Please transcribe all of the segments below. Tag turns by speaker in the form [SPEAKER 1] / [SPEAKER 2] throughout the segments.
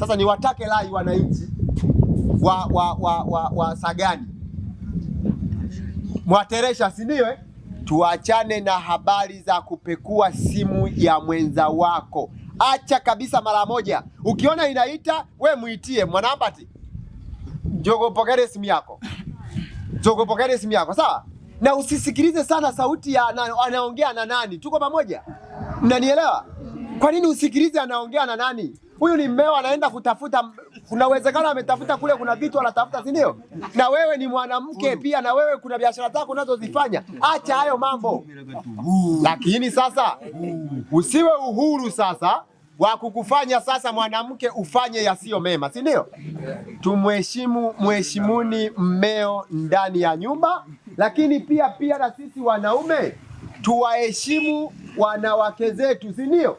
[SPEAKER 1] Sasa niwatake lai wananchi wa wa wa wa wa Sagani mwateresha, si ndio? Eh? Tuachane na habari za kupekua simu ya mwenza wako, acha kabisa mara moja. Ukiona inaita we muitie, mwanambati jogopokere simu yako, jogopokere simu yako, sawa? Na usisikilize sana sauti ya anaongea na nani. Tuko pamoja, mnanielewa? Kwa nini usikilize anaongea na nani? huyu ni mmeo, anaenda kutafuta. Kuna uwezekano ametafuta kule, kuna vitu anatafuta, si ndio? Na wewe ni mwanamke pia, na wewe kuna biashara zako unazozifanya. Acha hayo mambo, lakini sasa usiwe uhuru sasa wa kukufanya sasa mwanamke ufanye yasiyo mema, si ndio? Tumheshimu, mheshimuni mmeo ndani ya nyumba, lakini pia pia na sisi wanaume tuwaheshimu wanawake zetu, si ndio?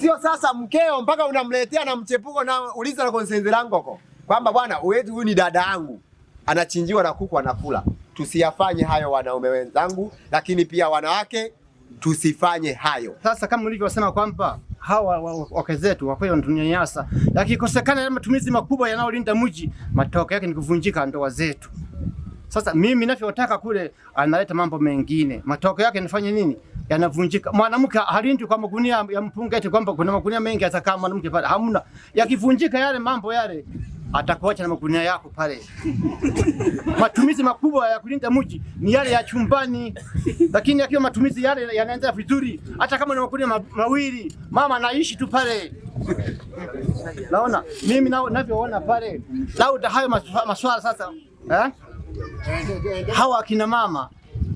[SPEAKER 1] sio sasa mkeo mpaka unamletea na mchepuko na uliza na konsenzi langu huko kwamba bwana wetu huyu ni dada yangu anachinjiwa na kuku anakula. Tusiyafanye hayo wanaume wenzangu, lakini pia wanawake tusifanye hayo. Sasa kama ulivyosema kwamba hawa wake zetu wakweli wanatunyanyasa, yakikosekana ya matumizi makubwa yanayolinda mji, matokeo yake ni kuvunjika ndoa zetu. Sasa mimi ninavyotaka kule analeta mambo mengine, matokeo yake nifanye nini? yanavunjika. Mwanamke halindi kwa magunia ya mpunga, eti kwamba kuna magunia mengi, atakaa mwanamke pale, hamna. Yakivunjika yale mambo yale, atakuacha na magunia yako pale. matumizi makubwa ya kulinda mji ni yale ya chumbani, lakini yakiwa matumizi yale yanaendelea vizuri, hata kama ni magunia mawili, mama anaishi tu pale. Naona mimi navyoona pale, labda hayo maswala sasa eh? hawa akina mama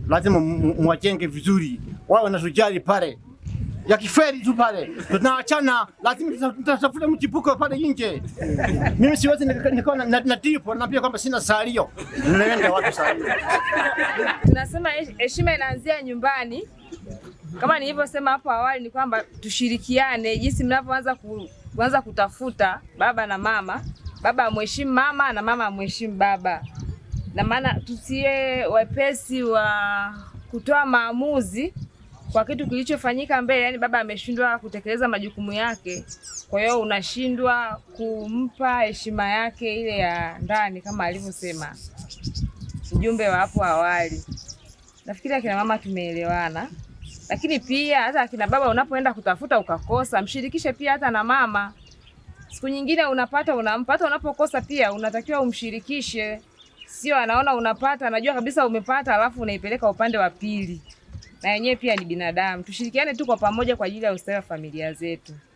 [SPEAKER 1] lazima mwajenge vizuri wawe na tujali pale, yakifeli tu pale tunawachana, lazima tutafute mchipuko pale nje. Mimi siwezi nikawa na, na, na dipo kwamba sina salio, naenda watu salio.
[SPEAKER 2] Tunasema heshima inaanzia nyumbani, kama nilivyosema hapo awali, ni kwamba tushirikiane jinsi mnavyoanza ku, kuanza kutafuta baba na mama, baba amheshimu mama na mama amheshimu baba, na maana tusiye wepesi wa kutoa maamuzi kwa kitu kilichofanyika mbele, yani baba ameshindwa kutekeleza majukumu yake, kwa hiyo unashindwa kumpa heshima yake ile ya ndani kama alivyosema ujumbe wa hapo awali. Nafikiri akina mama tumeelewana, lakini pia hata akina baba, unapoenda kutafuta ukakosa, mshirikishe pia hata na mama. Siku nyingine unapata unampa, hata unapokosa pia unatakiwa umshirikishe, sio anaona unapata, anajua kabisa umepata, alafu unaipeleka upande wa pili na yenyewe pia ni binadamu, tushirikiane tu kwa pamoja kwa ajili ya ustawi wa familia zetu.